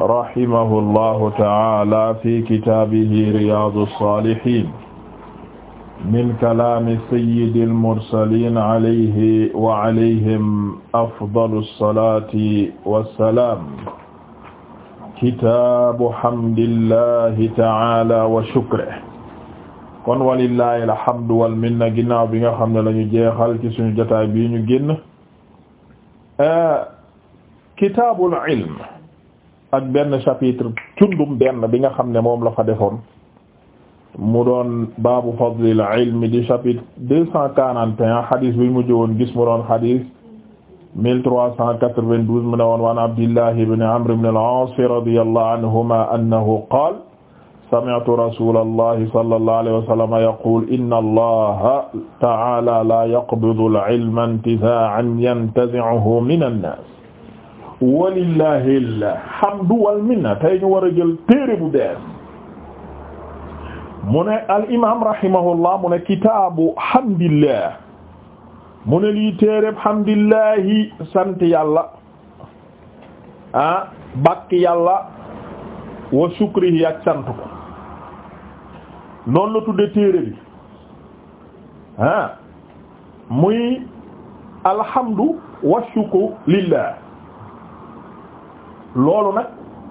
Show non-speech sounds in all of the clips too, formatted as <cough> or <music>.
rahimahullahu ta'ala fi kitaabihi Riyâdous-Sâlihîne min kalaami sayyidil mursaliin alayhi wa alayhim afdalu salaati wa salaam kitaabu hamdillahi ta'ala wa shukrihi kon walillahi alhamdu wal minna ginnaaw bi nga xam ne la ñu jeexal ci suñu jotaay bii ñu génn kitaabul ilm ak benn chapitre cundum benn bi nga xam ne moom la fa defoon mu doon baabu fadlil ilmi di chapitre deux cent quarante et un hadis bi mu jëwoon gis mu doon hadis mille trois cent quatre-vingt-douze mu ne woon waan Abdillah ibn Amr ibn al-As radiyallahu anhuma annahu qaala sami'tu rasulallahi sallallahu alayhi wa sallam yaqul inna allaha ta'ala la yaqbidu al-ilma intizaa'an yantazi'uhu min an-nas walillahi alhamdu wal minna tey ñu war a jël téere bu bees mu ne al imaam rahimahullah mu ne kitaabu hamdillah mu ne lii téereb hamdillahi sant yàlla ah bàkk yàlla wa shukrihi ak sant ko noonu la tudde téere bi ah muy alhamdu wa shukru lillah loolu nag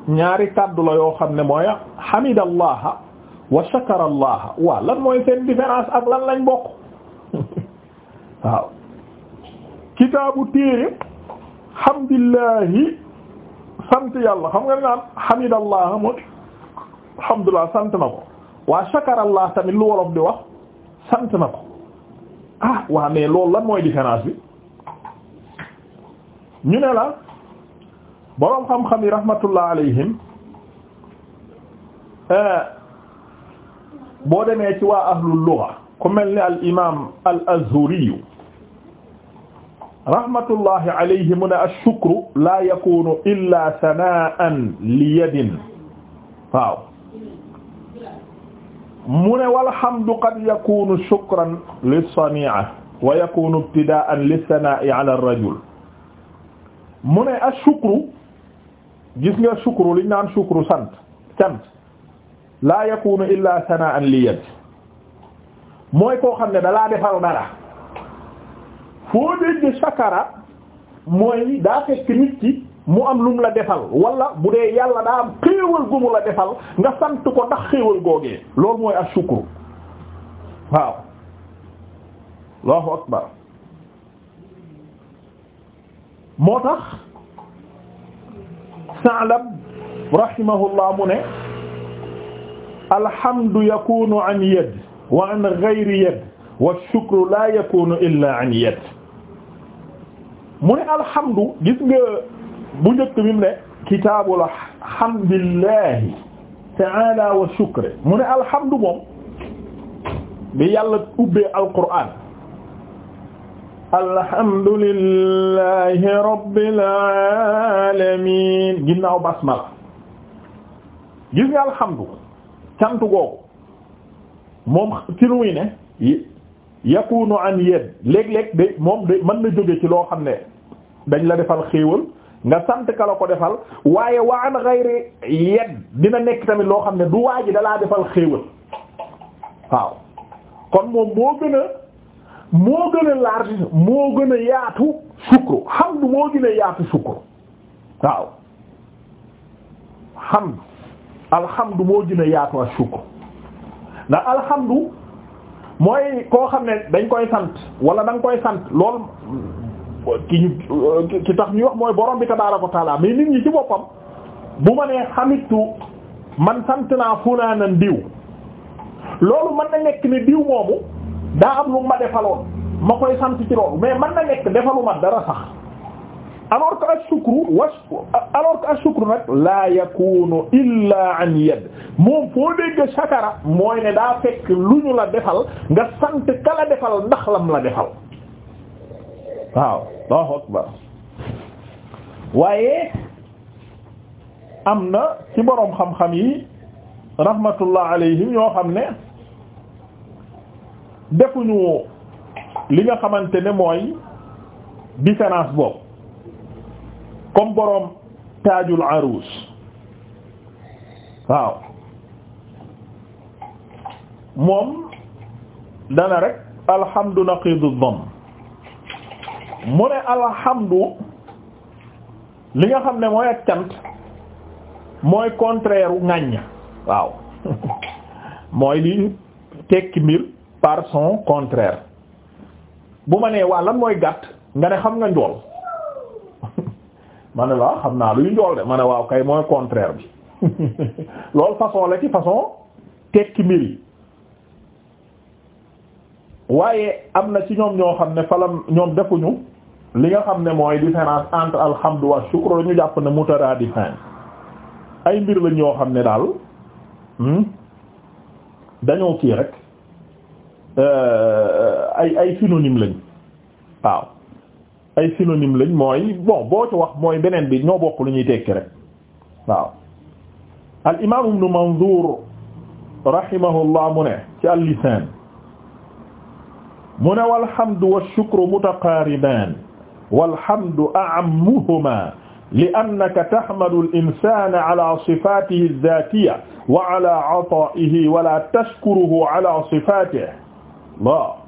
ñaari kàddu la yoo xam ne mooy hamidallaha wa shakarallaha waaw lan mooy seen différence ak lan lañ bokk <laughs> waaw kitaabu téere hamdillahi sant yàlla xam nga ne naan hamidallaha mooy sant na ko waa shakarallah tamit lu wolof di wax sant na ko ah waa mais loolu lan mooy différence bi ñu ne la boroom xam-xam yi rahmatullah alayhim eh, boo demee ci waa ahlul lugha ku mel ni al imaam al azhuri rahmatullahi alayhi mu ne ash-shukru laa yakunu illa sanaan li yadin waaw mu ne walhamdu qad yakunu shukran lis-sani'a wa yakunu ibtida'an lis-sana'i ala ar-rajul mu ne ash-shukru gis nga shukru liñ naan shukru sant sant laa yakunu illa sanaan li yad mooy koo xam ne dalaa defal dara foo dégg shakara mooy daa fekk nit ki mu am lu mu la defal wala bu dee yàlla daa am xéewal gu mu la defal nga sant ko ndax xéewal googee lool mooy ak shukru waaw allahu akbar moo tax Sa'lab rahimahullah mu ne alhamdu yakunu an yad wa an ghayri yad wa shukru la yakunu illa an yad mu ne alhamdu gis nga bu njëkk bi mu ne kitaabul hamdillahi ta'ala wa shukri mu ne alhamdu moom bi yàlla ubbee alquraan alhamdulillahi rabbil alamin ginnaaw basmala gis nga alhamdu cant googu moom ci lu muy ne yakunu an yed léeg-léeg day moom day mën na jóge ci loo xam ne dañ la defal xéewal nga sant ka la ko defal waaye wa an ghayri yed dina nekk tamit loo xam ne du waa ji dalaa defal xéewal waaw kon moom moo gën a moo gën a large moo gën a yaatu sukru hamdu moo gën a yaatu sukru waaw hamdu alhamdu moo gën a yaatu ak sukru ndax alhamdu mooy koo xam ne dañ koy sant wala da koy sant lool ki ñu ki tax ñuy wax mooy borom bi tabaaraka wa taala mais nit ñi ci boppam bu ma nee xamitu man sant naa funanan diw loolu mën na nekk ne diw moomu daa am lu ma defaloon ma koy sant ci loolu mais na nekk defalu ma dara sax alors que ash-shukru wa alors que shukru nag la yakunu illa an yad moom foo dégg shakara mooy ne daa fekk lu ñu la defal nga sant ka la defal ndax lam la defal waaw Allahu akbar waaye am na ci boroom xam-xam yi rahmatullah yoo xam ne defuñu li nga xamante ne mooy différence boobu comme boroom taajul aruus waaw moom dana rek alhamdu naqidu dhamm mu ne alhamdu li nga xam ne mooy ak cant mooy contraire u waaw <laughs> mooy li tekki mbir par son contraire bu ma nee waa lan mooy gàtt nga ne xam nga njool <laughs> ma ne la xam naa luy njool de ma ne waaw kay mooy contraire bi <laughs> loolu façon la ci façon tekki mbiri waaye am na ci ñoom ñoo xam ne falam ñoom defuñu li nga xam ne mooy différence entre alhamdu wa shukru dañu jàpp ne mutaradifin ay mbir lañ yoo xam ne daal hmm, dañoo kii rek Euh, euh, ay ay synonyme lañ waaw ay synonyme lañ mooy bon boo ci wax mooy beneen bi ñoo bokk lu ñuy tekki rek waaw al imam ibn Manzur rahimahullah mu ne ci al-Lisan mu ne walhamdu washukru mutaqariban walhamdu a'ammuhuma li annaka tahmadu al-insana ala sifatihi adh-dhatiyya wa ala ata'ihi wa la tashkuruhu ala sifatihi waaw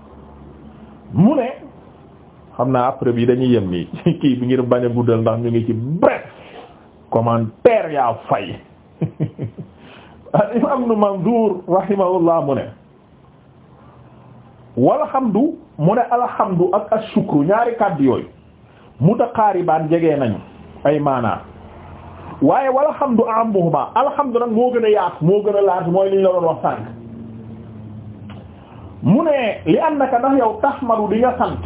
mu ne xam naa après bi dañuy yem nii <laughs> kii bi ngir bañ a guddal ndax ñu ngi ci bref commentaire yaa fay <laughs> al imam nu Mandur rahimahullah mu ne walhamdu mu ne alhamdu ak ashukru ñaari kàddu yooyu mutaqaaribaan jege nañu ay maanaa waaye walhamdu amuhuma alhamdu nag moo gën a yaatu moo gën a laatu mooy li ñu la doon wax mu ne li annaka ndax yow tahmadu di nga sant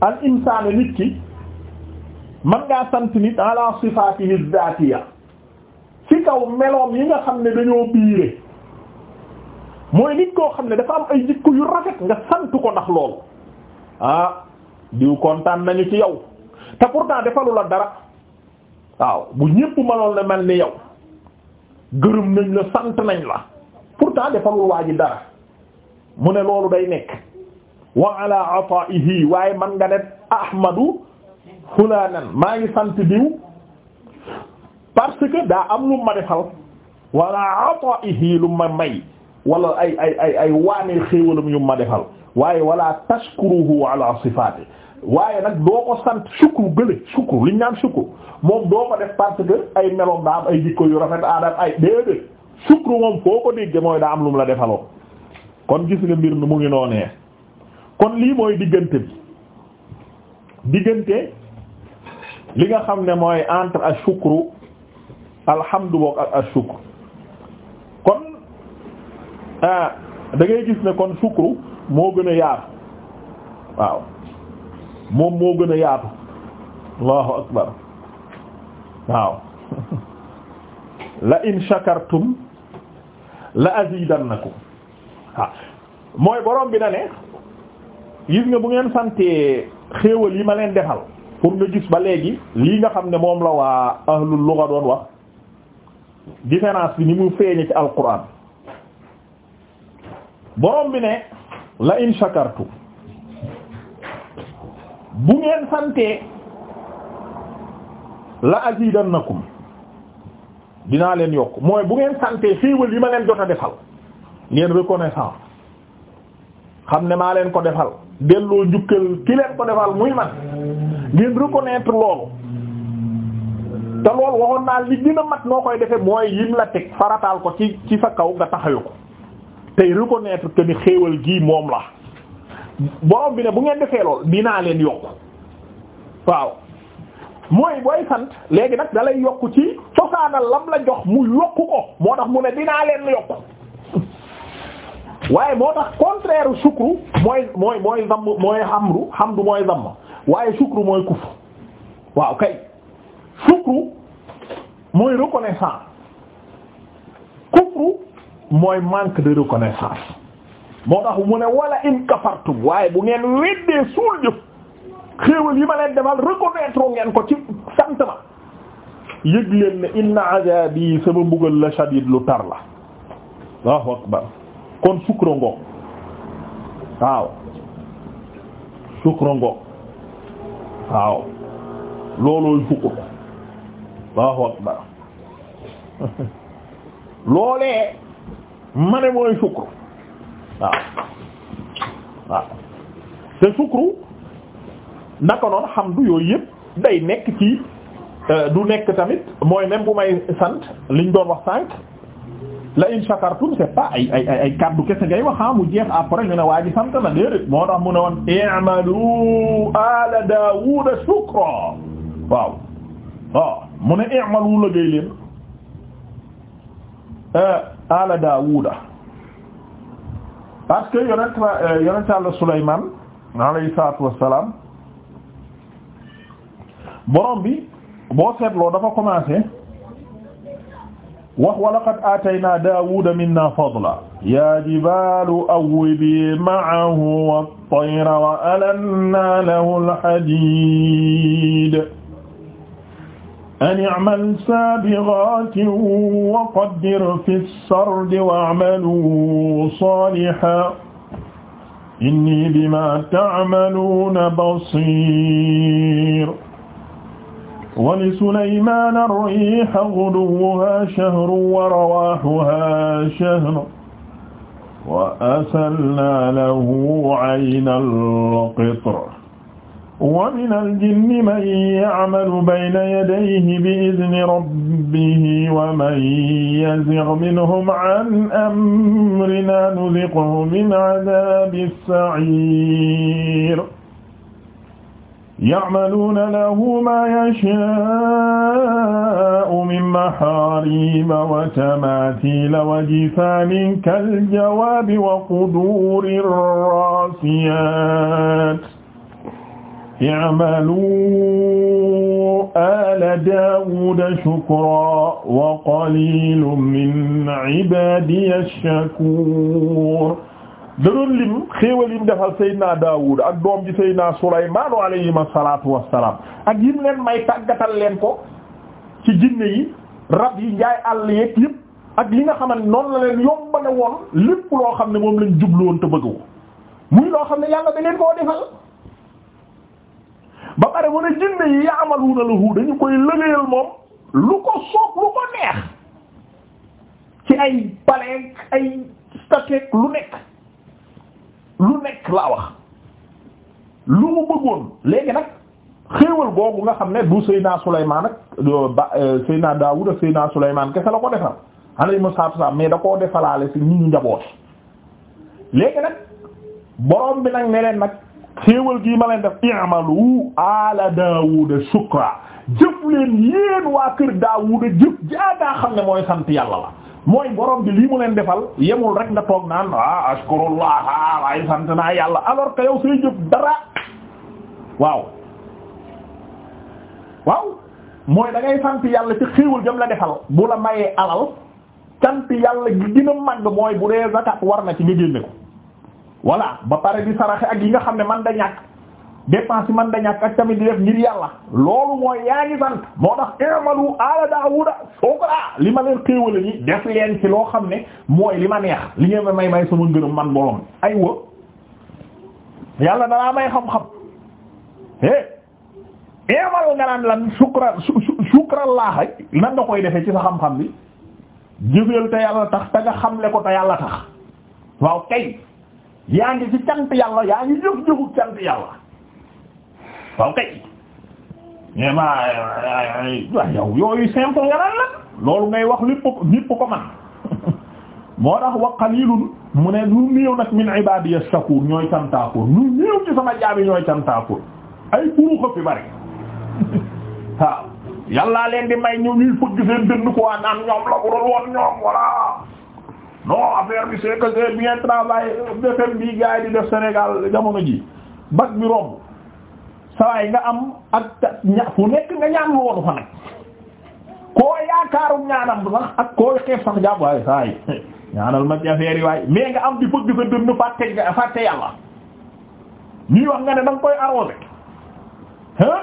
al insaan nit ki man ngaa sant nit ala sifaatihi zaatiya ci kaw meloom yi nga xam ne dañoo biire mooy nit koo xam ne dafa am ay jikko yu rafet nga sant ko ndax loolu ah diw kontaan nañu ci yow te pourtant defalu la dara waaw bu ñépp manoon la mel ni yow gërëm nañ la sant nañ la pour pourtant defalul waa ji dara mu ne loolu day nekk wa ala ataa'ihi waaye man nga ne ahmadu fulaanan maa ngi sant diw parce que daa am lu ma defal wala ataa'ihi lu ma may wala ay ay ay ay waanee xéewalam yu ma defal waaye wala tashkuruhu ala sifaati waaye nag doo ko sant shukru gële shukru li ñu naan shukru moom doo ko def parce ay meloom daa am ay jikko yu rafet aadam ay déedéet shukru moom foo ko dégge mooy daa am lu mu la defaloo kon gis nga mbir mi mu ngi noonee kon lii mooy diggante bi diggante li nga xam ne mooy entre ashukru alhamdu boog ak ashukru kon ah gis ne kon shukru moo gën a yaatu waaw moom moo gën a yaatu allahu akbar waaw <laughs> la in shakartum la ko waaw mooy boroom bi na ne gis nga bu ngeen santee xéewal yi ma leen defal pour nga gis ba léegi lii nga xam ne moom la waa ahlul lugha doon wax différence bi ni mu feeñe ci alquran boroom bi ne la in shakartu bu ngeen santee la azidannakum dinaa leen yokk mooy bu ngeen santee xéewal yi ma leen jot a defal ngeen reconnaissant xam ne maa leen ko defal delloo njukkal ki leen ko defal muy mag ngeen reconnaître loolu te loolu waxoon naa li dina mat noo koy defe mooy yim la teg farataal ko ci ci sa kaw nga taxawu ko tey reconnaître que ni xéewal gii moom la borom bi ne bu ngeen defee lool dinaa leen yokk waaw mooy booy sant léegi nag dalay yokk ci cosaanal lam la jox mu yokk ko moo tax mu ne dinaa leen yokk waaye moo tax contraire sukru mooy mooy mooy zamm mooy hamdu hamdu mooy zamm waaye sukru mooy kuf waaw kay sukru mooy reconnaissance kufru mooy manque de reconnaissance moo tax mu ne wala in kafartum waaye bu ngeen weddee suul jëf xéewal yi ma leen defal reconnaître ngeen ko ci sant ma yëg leen ne inna azabi sama mbugal la shadid lu tar la Allahu akbar kon sukra ngoog waaw sukra ngoog waaw loolooy sukra Allahu akbar <laughs> loolee ma ne mooy sukru waaw waaw te sukru naka noon xamdu yooyu yëpp day nekk ci euh, du nekk tamit mooy même bu may sant liñ doon wax sànq la in shakartum c'est pas ay ay ay kaddu kese ngay wax ah, mu jeex après ñu ne waa ji moo tax mu ne woon i'malu ala Daawuda shukra waaw waaw ah, mu ne i'malu liggéey leen eh, ala Daawuda parce que yonent eh, yonent Yàlla Sulaymaan alayhi salaatu borom bi boo seetloo dafa commencé wax wa laqad aataynaa daawuuda minnaa fadlan yaa jibaalu awwibii ma'ahu wat-tayra wa alannaa lahu al-hadiid an i'mal saabighaatin wa qaddir fi s-sardi wa'maluu saalihan innii bimaa ta'maluuna basiir wa li Sulaymaan ar-riiha ghuduwwuhaa shahrun wa rawaahuhaa shahrun wa asalnaa lahu ayna al-qitr wa mina al-jinni man ya'malu bayna yadayhi bi-idhni rabbihi wa man yazigh minhum 'an amrinaa nudhiqhu min 'adhaabi as-sa'iir ya'maluuna lahu maa yashaa'u min mahaariba wa tamaathiila wa jifaanin kaljawaabi wa quduurin raasiyaat i'maluu aala daawuuda shukraa wa qaliilun min ibaadiya ash-shakuur da doon lim xéewal yim defal Seydina Daawud ak doom ji Seydina Sulaymaan alayhim asalaatu wassalaam ak yim leen may tàggatal leen ko ci jinne yi rab yi njaay àll yeeg yëpp ak li nga xam ne la leen yombale woon lépp loo xam ne moom lañ jublu te bëgg ko muy loo xam ne yàlla da leen koo defal ba pare mu jinne yi ya'maluuna lahu dañu koy lëgëyal moom lu ko soog lu ko neex ci ay paleeg ay statue lu nekk lu nekk laa wax lu mu bëggoon léegi nag xéewal googu nga xam ne du Seyna Sulaymaan ak euh, ba euh, Seyna Daawud ak Seyna Sulaymaan kese la ko defal alayhi salaatu salaam mais da koo defalaale ci ñu njaboot léegi nag borom bi nag ne nag xéewal gi ma leen def i'malu ala Daawud shukra jëf leen yéen waa kër Daawud jëf jaagaa xam ne mooy sant yàlla la mooy borom bi lii mu leen defal yemul rek nga toog naan ah ashkurullah ah waaye sant naa yàlla alors que yow say jëf dara waaw. waaw mooy dangay ngay sant yàlla ci xéewal jëm la defal bu la mayee alal sant yàlla gi gën a mooy bu dee zakat war na ci nga génne ko. voilà ba pare di saraxe ak yi nga xam ne man da ñàkk dépense man da ñàkk ak tamit di def ngir yàlla loolu mooy yaa ngi sant moo tax i'malu ala daawuda shukra ah, li ma leen xéewale ni def leen ci loo xam ne mooy li ma neex li ngeen may may sama ngërëm man borom aywa yàlla danaa may xam-xam eh eemal nga naan lan shukra shukra laax nan nga koy defee ci sa xam-xam bi jëfeel te yàlla tax te nga xamle ko te yàlla tax waaw kay yaa ngi ci cant yàlla yaa ngi jëf jëfu cant yàlla waaw kay mais ma waaw euh, euh, yooyu simple nga naan la loolu ngay wax lépp lépp ko man <laughs> moo tax wa qalilun mu ne lu néew nag min ibadiya shakur ñooy cantaakoor lu néew ci sama jaabi ñooy cantaakoor ay puruxa fi bari <laughs> waaw yàllaa leen di may ñu ñuy fëgg seen dënd ko waa naan ñoom la bu doon woon ñoom voilà non affaire bi c'est que c'est bien travail BFM bi gars di def Sénégal jamono ji bac bi romb sawaay nga am ak ña fu nekk nga ñaan lu woonu fa nag koo yaakaaru ñaanam sax ak koo xeef sax jàpp waaye sawaay <laughs> ñaanal ma ci affaire yi nga am di fëgg sa dënn fàtte nga fàtte yàlla ñuy wax nga ne da koy arrosé hein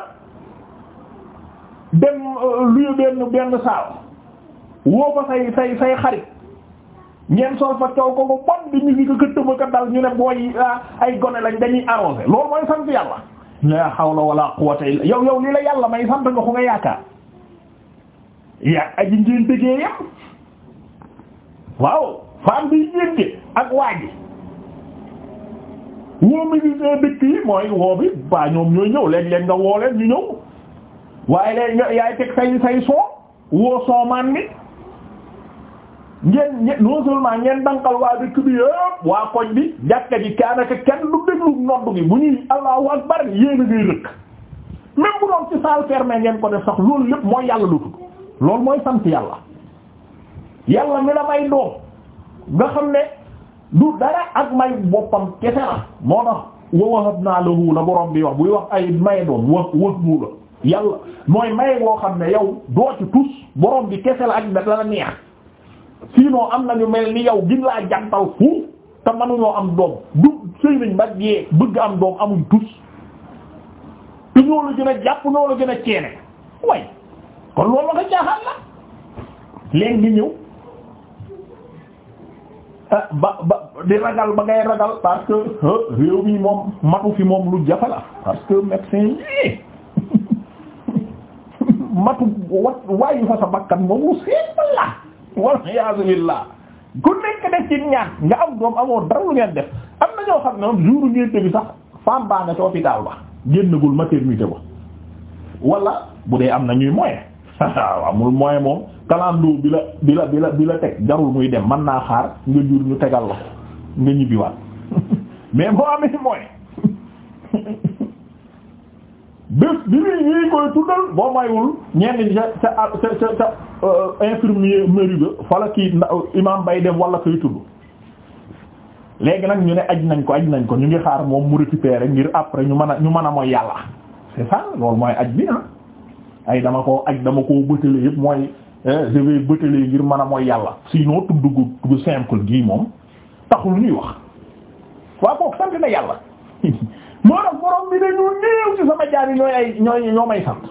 dem euh, luy benn benn saal woo fa say say say xarit ñeent sol fa coow ko ko bon di musique ka këtt ma ka dal ñu ne booy ah, ay gone lañ dañuy arrosé loolu mooy sant yàlla la hawla wala quwwata illa yow yow li la yàlla may sant nga ko nga yaakaar yaa aji ngeen déggee yam waaw femme bi yénge ak waa ji woo militaire dëkk yi mooy woo ba ñoom ñooy ñëw léeg-léeg nga woo leen ñu ñëw waaye léegi nga yaay teg say say soo woo soomaan mi ngeen non ngeen dankal waa dëkk bi yëpp waa koñ bi jàkka ji kaanaka kenn du déglu noddu gi bu ñuy allahu akbar yéen a ngay rëkk même bu doon ci salle fermée ngeen ko def sax loolu lépp mooy yàlla lu tudd loolu mooy sant yàlla yàlla mi la may doom nga xam ne du dara ak may boppam kese la moo tax wa wahabna lahu la borom bi wax buy wax ay may doom wax wax mu yàlla mooy may woo xam ne yow doo ci tus borom bi kese la ak da la neex sinon am na ñu mel ni yow gin laa jantal fu te mënuñoo am doom du sëy nañ ba yee bëgg am doom amuñ tus te ñoo la gën a jàpp ñoo la gën a ceene way kon loolu la ko caaxaan la léegi ñëw ah, ba ba di ragal ba ngay ragal parce que ah, réew mi moom matu fi moom lu jafe la parce que médecin yi <laughs> matu wat waayu fa sa bakkan moom lu seet la wal iyaazu billah ku nekk def ci ñaan nga am doom amoo dara ngeen def am na ñoo xam ne moom jour ngénte bi sax femme baa nga ci hôpital ba génnagul maternité ba wala bu dee am na ñuy moyen waaw <laughs> amul moyen moom calendrier bi la bi la bi la bi la teg jarul muy dem man naa xaar nga jur ñu tegal la nga ñibbiwaat <laughs> mais boo amee moyen <laughs> bés bi muy ñuy koy tuddal boo maywul ñenn ñi ca ca ca ca euh, infirmier mériga euh, imam bay dem wala koy tudd léegi nag ñu ne aj nañ ko aj nañ ko ñu ngi xaar moom mu récupérer ngir après ñu mën a ñu mën a mooy yàlla c'est ça loolu mooy aj bi ah ay dama ko aj dama koo bëtale yëpp mooy eh, je vais ngir mën a mooy yàlla sinon tudd gu gu simple gii moom taxul ñuy wax waaw kooku sant na yàlla <laughs> moo tax borom bi dañu néew ci sama jaar yi ñooy ñoo may sant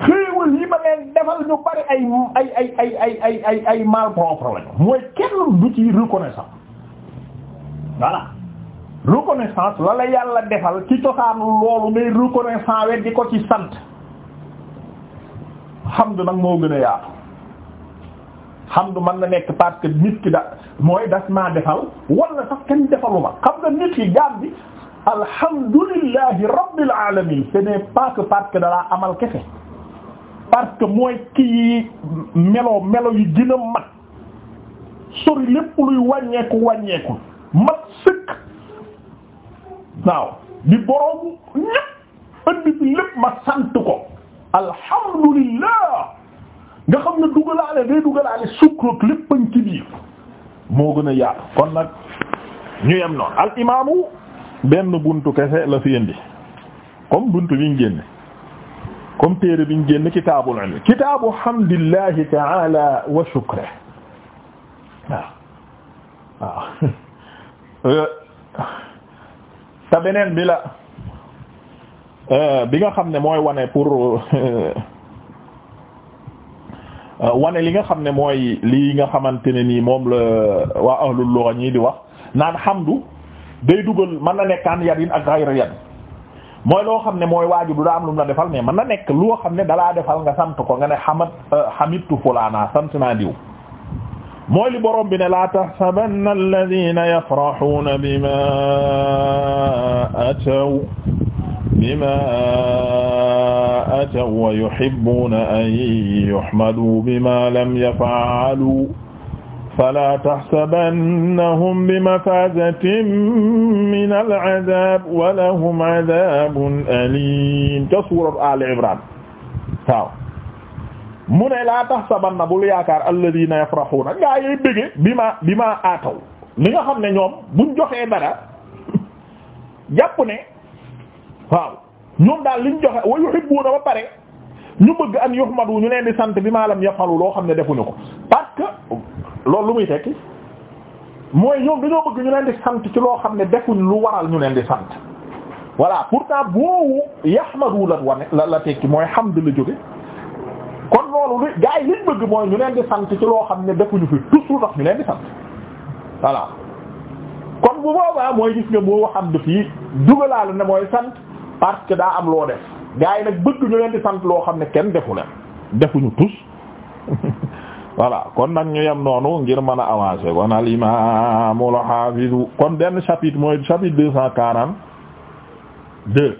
xéewal yi ma leen defal ñu bari ay ay ay ay ay mal propre lañu mooy kenn du ci reconnaissance voilà reconnaissance la la yàlla defal ci cosaanu loolu ngay reconnaissance wet di ko ci sant nga nag moo gën a yaatu xamdu mën na nekk parce nit ki da mooy das maa defal wala sax kenn defaluma xam nga nit ki jaam bi alhamdulillahi rabbil alamin ce n'est pas que parce dalaa amal kese parce que mooy kii melo melo yi gën a mat sori lépp luy wàññeeku wàññeeku mat sëkk waaw di boroom ñépp andi bi lépp ma sant alhamdulillah nga xam ne dugalaale day dugalaale sukrook léppañ ci biir moo gën a yaatu kon ñu yem noonu al imaamu benn buntu kese la fi indi comme buntu biñ génne comme téere biñ génne kitaabul ilm kitaabu hamdillahi ta'ala wa shukrihi waaw waaw <laughs> euh, te beneen bi la euh, bi nga xam ne mooy wane pour euh, wane li nga xam ne mooy li nga xamante ne nii moom la waa ahlul lugha ñii di wax naan hamdu day dugal mën na nekk an yadin ak xayra yadin mooy loo xam ne mooy waaju du daa am lu mu la defal mais mën na nekk loo xam ne dalaa defal nga sant ko nga ne xamat euh, xamittu fulaana sant naa diw mooy li borom bi ne laa taxsabanna alladina yafraxuuna bima ataw bima ataw wa yuhibbuuna an yuhmadu bima lam yafaalu fala taxsabannahum bimafazatin min alazab walahum azabun alim ca suurat al imran waaw mu ne laa taxsabanna bul yaakaar alladina yafraxuuna ngaa yoy bëgge bi ma bi ma aataw li nga xam ne ñoom buñ joxee dara jàpp ne waaw ñoom daal liñ joxe wa yuhibbuuna ba pare ñu bëgg an yuhmadu ñu leen di sant bi maalam lam yafalu loo xam ne defuñu ko parce que loolu lu muy tekki mooy ñoom dañoo bëgg ñu leen di sant ci loo xam ne defuñ lu waral ñu leen di sant voilà pourtant boobu yahmadu la wane la la tekki mooy hamd la jóge kon loolu li gaa yi ñu leen sant ci loo xam ne defuñu fi tus lu tax ñu leen di sant voilà kon bu boobaa mooy gis nga boo hamd fii dugalaale ne mooy sant parce que daa am loo def gaa nag bëgg ñu leen di sant loo xam ne kenn defu leen defuñu tus <laughs> voilà kon nag ñu yem noonu ngir mën a avancer kon al imaamul haafizu kon benn chapitre mooy chapitre deux cent quarante deux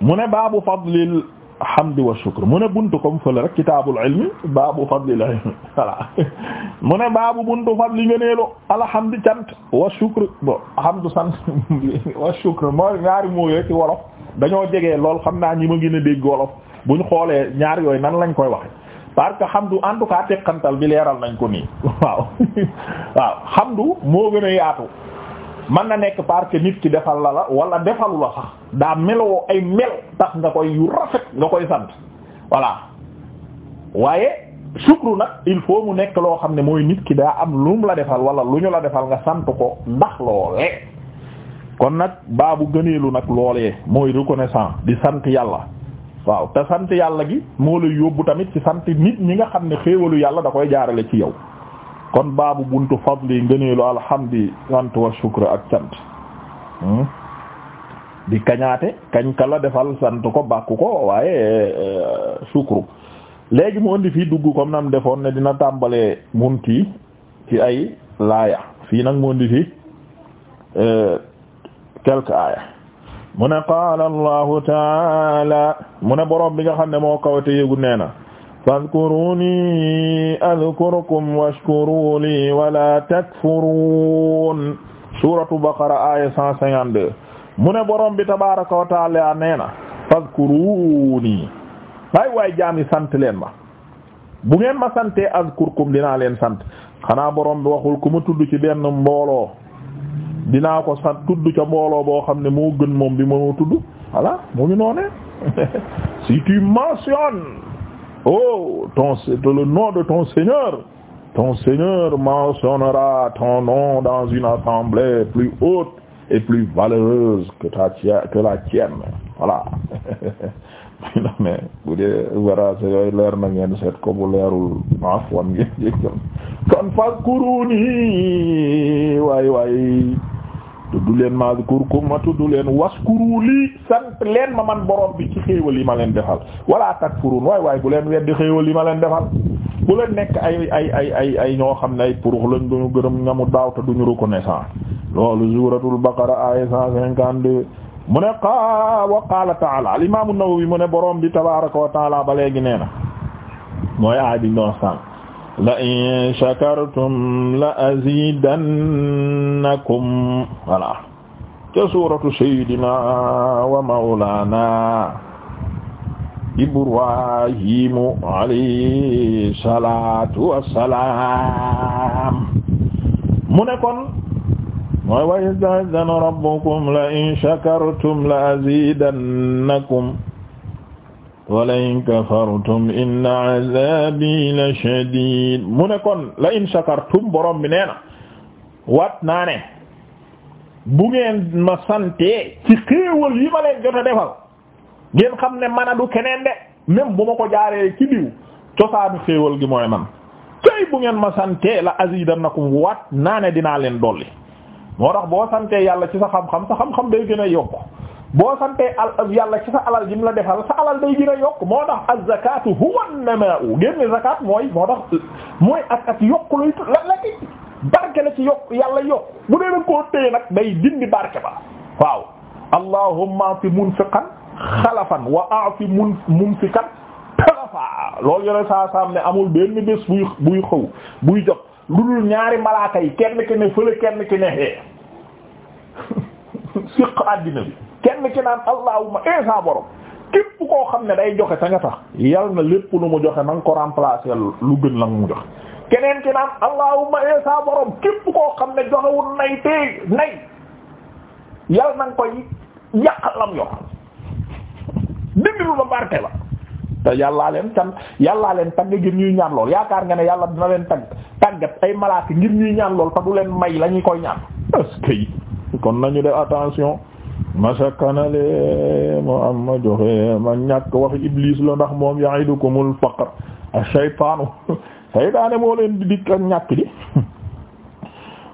mu ne baabu fadlil hamdi wa shukr mu ne buntu comme fële rek kitaabul ilmi baabu fadlil ilmi <laughs> mu ne baabu buntu fadli ngëneelu alhamdi cant wa shukr bo hamdu sant <laughs> wa shukr mooy ñaari mooy rek wolof dañoo jege lool xam naa ñi ma gën a dégg wolof bu ñu xoolee ñaar yooyu nan lañ koy waxe parce xam du en tout cas teqantal bi leeral nañ ko nii <laughs> waaw xam <laughs> du moo gën a yaatu mën na nekk parce que nit ki defal la la wala defalu la sax daa meloo ay mel tax nga koy yu rafet nga koy sant voilà waaye sukru nag il faut mu nekk loo xam ne mooy nit ki daa am lu mu la defal wala lu ñu la defal nga sant ko ndax loolee kon nag baabu gëneelu nag loolee mooy reconnaissant di sant yàlla waaw te sant yàlla gi moo lay yóbbu tamit ci sant nit ñi nga xam ne xéewalu yàlla da koy jaarale ci yow kon baabu buntu fadli ngëneelu alhamdi sant wa shukr ak cant hmm? di kañaate kañ kala defal sant ko bàkku ko waaye euh, shukru léegi mu indi fii dugg comme nam defoon ne dina tàmbalee bunti ci ay laaya fii nag mu indi fii euh, quelques aaya mu ne qaala allahu taala mu ne boroom bi nga xam ne moo kawate yéegu nee na fadkuruni adkurkum washkuru li wala takfurun suratu baqara mu ne borom bi tabaraka wa taala nee na fadkuruni waay waay jaami sant leen ma bu ngeen ma sante adkurkum dinaa leen sant xanaa borom bi waxul ku ma tudd ci benn mbooloo dinaa ko sant tudd ca mbooloo boo xam ne moo gën moom bi moo tudd voilà mu ngi noonee <laughs> si tu mentionnes oh ton le nom de ton seigneur ton seigneur mentionnera ton nom dans une assemblée plus haute et plus valeureuse que ta que la tienne voilà mu ngi noonee bu dee voilà c'est yooyu leer na ngeen seet ko bu leerul maaf wan ngeen jéggal kon fas kuruni waay waay tudd leen mazkurkum ma tudd leen waskuru lii sant leen ma man borom bi ci xéewal yi ma leen defal wala takfurun waay waay bu leen weddi xéewal yi ma leen defal bu leen nekk ay ay ay ay ay ñoo xam ne ay purux lañ duñu gërëm ñamu daaw te duñu reconnaissant loolu suuratul baqara aaya cent cinquante-deux mu ne qa wa qaala taala al imaamu Nawawi mu ne borom bi tabaaraka wa ba léegi nee na mooy aay biñ doon sànq la in shakartum la azidannakum voilà ca suratu sayyidina wa mawlana ibrahimu alayhi salatu wassalam mu ne kon mooy wa ista'zana rabbukum la in shakartum la azidannakum wala in kafartum inna azabi la shadid mu ne kon la in shakartum borom bi nee wat naa ne bu ngeen ma santee ci xéewal yi ma leen jot a defal ngeen xam ne man a du keneen de même bu ma ko jaare ci diw cosaanu xéewal gi mooy man tey bu ngeen ma santee la azidannakum wat naa ne dinaa leen dolli moo tax boo santee yàlla ci sa xam-xam sa xam-xam day gën a yokk boo santee al yàlla ci sa alal ji mu la defal sa alal day gën yokk moo tax az-zakatu huwa an-namaa'u génne zakat mooy moo tax mooy ak ak yokk luy la la ci barke la ci yokk yàlla yokk bu dee dañ koo téye nag day dindi barke ba waaw allahumma a'ti munfiqan xalafan wa a'ti mun mumsikan talafa loolu yore saa saam ne amul benn bés buy buy xëw buy jot lu dul ñaari malaaka yi kenn ki ne fële kenn ki ne xee <laughs> siq àddina bi kenn ki naan allahuma eesa eh, borom képp koo xam ne day joxe sa nga tax yal na lépp lu mu joxe na nga ko remplacer lu gën la mu joxe keneen ki naan allahuma eesa eh, borom képp koo xam ne joxewul nay tey nay yal na nga koy yàqal lam yox dindilu la barke la te yàllaa leen can yàllaa leen tagg ngir ñuy ñaan lool yaakaar nga ne yàlla dina leen tagg tàggat ay malaaka ngir ñuy ñaan lool te du leen may lañuy koy ñaan est-ce kon nañu def attention masakanale mo am ma joxe eh, ma ñàkk wax iblis la ndax moom ya'idukumul faqr ash-shaytaanu saytaane <laughs> moo leen di dikk ak ñàkk di <laughs>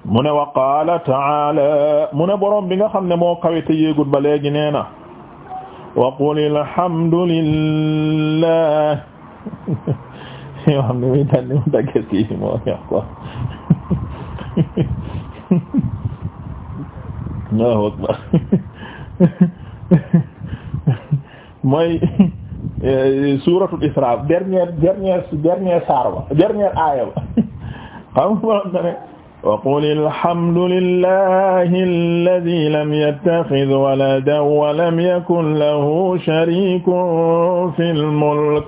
mu ne wa qaala ta'aala mu ne boroom bi nga xam ne moo kawite yéegut ba léegi nee na wa qulil hamdulillah <laughs> yoo xam ne muy daan ni mu dagge si moo ñax quoi Allahu akbar <laughs> mooy eh, suuratul Isra dernière dernière dernière saar ba dernière aaya ba <laughs> xam nga moom na ne wa qul alhamdulillahi alladhi lam yattakhidh waladan wa lam yakun lahu sharikun fil mulk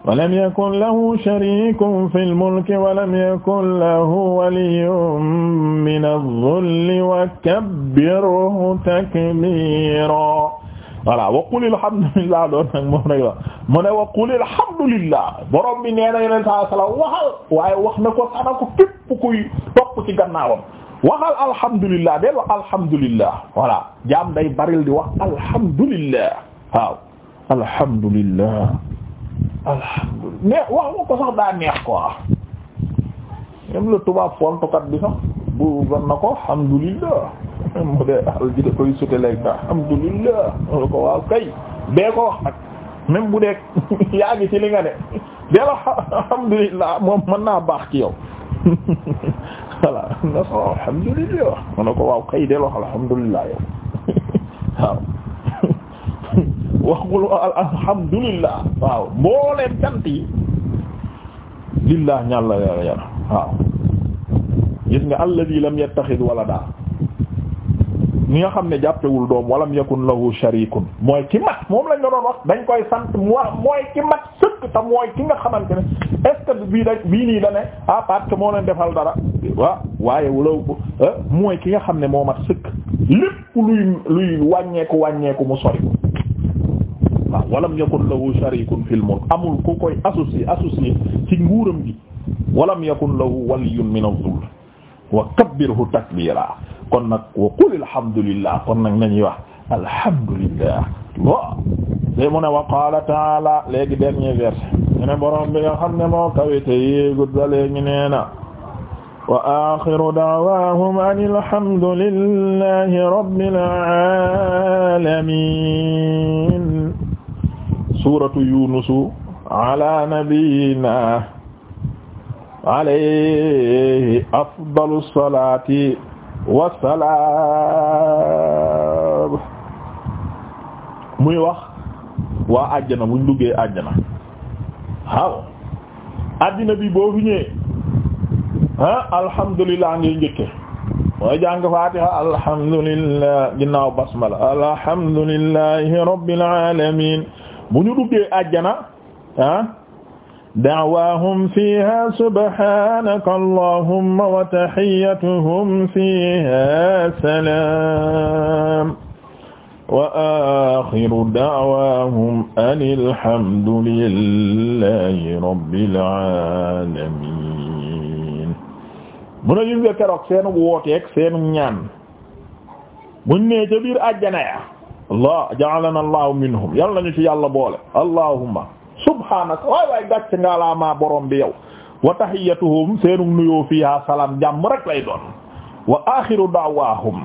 walam yakun lahu sharikun fil mulki walam yakun lahu waliyyun min adh-dhulli wa kabbirhu takbira voilà wa qul alhamdulillah doon nag moom rek la mu ne wa qul alhamdulillah borom bi nee na yeneen saa salaam waxal waaye wax na ko sana ko képp kuy topp ci gannaawam waxal alhamdulillah del wax alhamdulillah voilà jaam day baril di wax alhamdulillah waaw alhamdulillah alhamdulilah mais wax nga ko sax daa neex quoi même le tubaab fontukat bi sax bu ban na ko alhamdulilah <laughs> mu dee al ji da koy suteleeg da alhamdulilah lu ko waaw kay bee ko wax bu dee <laughs> yaa ngi ci li nga ne <laughs> dee la alhamdulilah moom mën naa baax ci yow alhamdulilah mu ne ko waaw kay dee la alhamdulilah yow waaw waxul alhamdulillah waaw mbooleem cant yi lillah ñal la yàlla yàlla waaw gis nga alladhi lam yattakhid walada ñi nga xam ne jàppewul doom walam yakun lahu sharikun mooy ki mat moom lañ la doon wax dañ koy sant mu mooy ki mat sëkk te mooy ki nga xamante ne est bii da bii nii da ne ah parce que moo leen defal dara waaw waaye wala eh, mooy ki nga xam ne moo mat sëkk lépp luy luy wàññeeku wàññeeku mu sori waaw walam yakun lahu sharikun fil mulk amul ku koy associé associé ci nguuram gi walam yakun lahu waliyun min az-zull wa kabbirhu takbira kon nag wa qul alhamdulillah kon nag nañuy wax alhamdulillah wa lé mu ne wa qaala taala léegi dernier verset ñu ne borom bi nga xam ne moo kawite yéegud ba léegi nee na wa axiru da'waahum ani alhamdulillahi rabbil aalamiin suuratu yunusu ala nabiyina alayhi afdalu salaati wassalaam muy wax waa àjjana buñ duggee àjjana waaw àddina bi boo fi ñëwee ah alhamdulillah ngay njëkke mooy jàng faatiha alhamdulillah ginnaaw basmala alhamdulillahi rabbil alamin bu ñu duggee àjjana ah da'waahum fiihaa subhaanaka allahumma wa tahiyyatuhum fiihaa salaam wa aaxiru da'waahum anil hamdu lillaahi rabbil aalamiin bu na gis nga keroog seen wooteek seen ñaan buñ nee ca biir àjjana ya allah ja'alana allahu minhum yal nañu ci yàlla boole allahumma subhaanaka waay waay gàcc nga borom bi yow wa tahiyyatuhum seenu nuyoo fiha salaam jàmm rek lay doon wa axiru da'waahum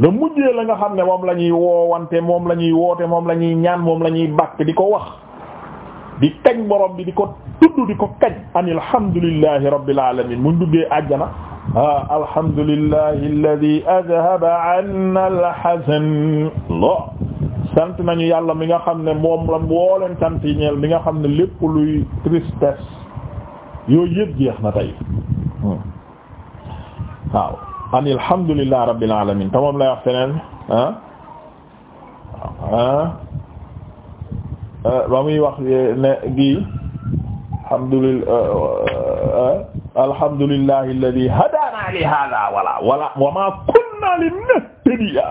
le mujjee la nga xam ne moom la ñuy woowante moom la ñuy woote moom la ñuy ñaan moom la ñuy bàkk di ko wax di kañ borom bi di ko tudd di ko kañ an alhamdulillahi rabbil alamin mu duggee àjjana ah alhamdulillahi alladi adhaba anna alhazan lo sant nañu yàlla mi nga xam ne moom la mbooleen sant yi ñeel mi nga xam ne lépp luy tristesse yooyu yëpp jeex na tey hmm. waaw an alhamdulillahi rabbil alamin te moom lay wax feneen ah ah eh, ba muy wax ne gi alhamdulillah eh, eh, alhamdulillahi alladi hada kunna li hada wala wala wa ma kunna linahtadiya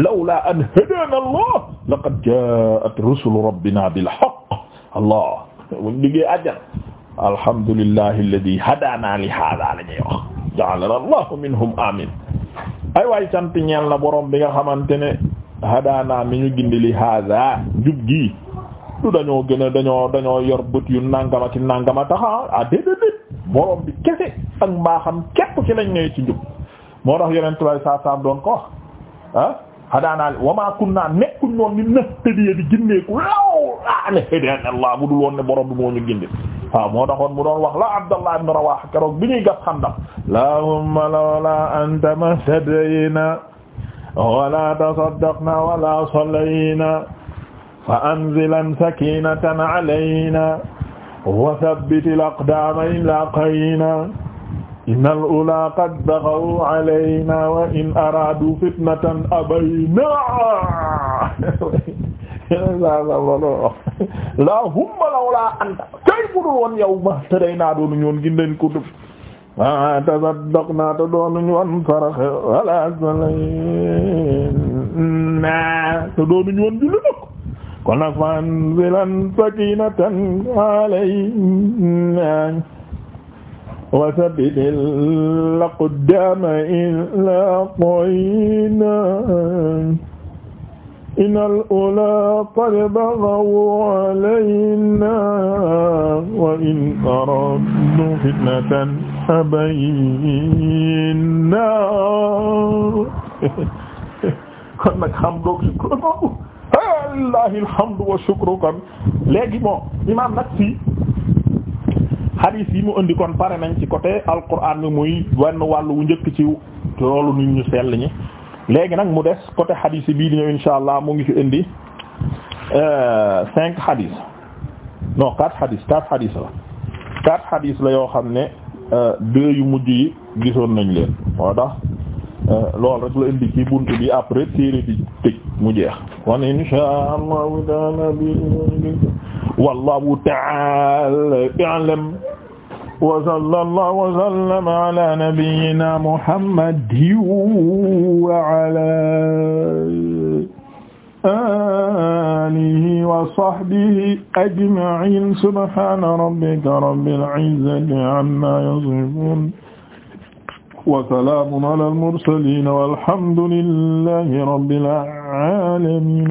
lawla an hadana allah laqad ja'at rusulu rabbina bil haqq allah buñ liggéey àjjana alhamdulillahi alladhi hadana li hada la ñuy wax ja'alana allahu minhum amin ay waay sant ñeel na borom bi nga xamante ne hadana mi ñu gindi li hada njub gi du dañoo gën a dañoo dañoo yor bët yu nangama ki nangama taxa ah déedéet borom bi kese ak mbaaxam képp ci lañ ñëwee ci njub moo tax yeneen tubaab doon ko ah xadaanaal wama kunna nekkuñ noon ni nahtadiya di ginneeku law laa ne hadana Allah bu dul woon ne bi moo ñu gindi waaw moo taxoon mu doon wax la Abdallah ibn Rawaha keroog bi ñuy gas xandam lahumma lawla anta mahtadayna wala tasaddaqna wala sallayna fa anzilan sakinatan alayna wa sabbitil aqdaamana laaqaynaa innal ulaa qad baxaw alaynaa wa in araadu fitnatan abaynaa laa humma lawlaa anta kay bu dul woon yow mahtadeynaa doonuñu woon gindeen kutub wa tasaddaqnaa te doonuñu woon faraxe wala salaynaa te doonuñu woon julli nag kon nag fa anzilan sakinatan alayna wa sabbitil aqdama ilaqayna innal ula qad baghaw alayna wa in aradnu fitnatan abayna kon nag xam lillahi alhamdu wa shukru kon léegi bon imam nag si hadith yi mu indi kon pare nañ ci côté alquran bi muy wenn wàllu wu njëkk ci loolu nit ñu sell ñi léegi nag mu des côté hadith bii di ñëw insha allah mu ngi fi indi euh, cinq hadith non quatre hadith quatre hadith la quatre hadith la yoo xam ne euh, deux yu mujj yi gisoon nañ leen moo tax euh, loolu rek la indi ci buntu bi après téere bi tëj mu jeex kon insha allahu taala bi wallahu taala a'lam wa sallallahu wa sallama ala nabiyyina muhammadin wa ala alihi wa sahbihi ajma'in subhana rabbika rabbil izzati amma yasifun wa salamun ala al mursalin walhamdulillahi rabbil alamin alamin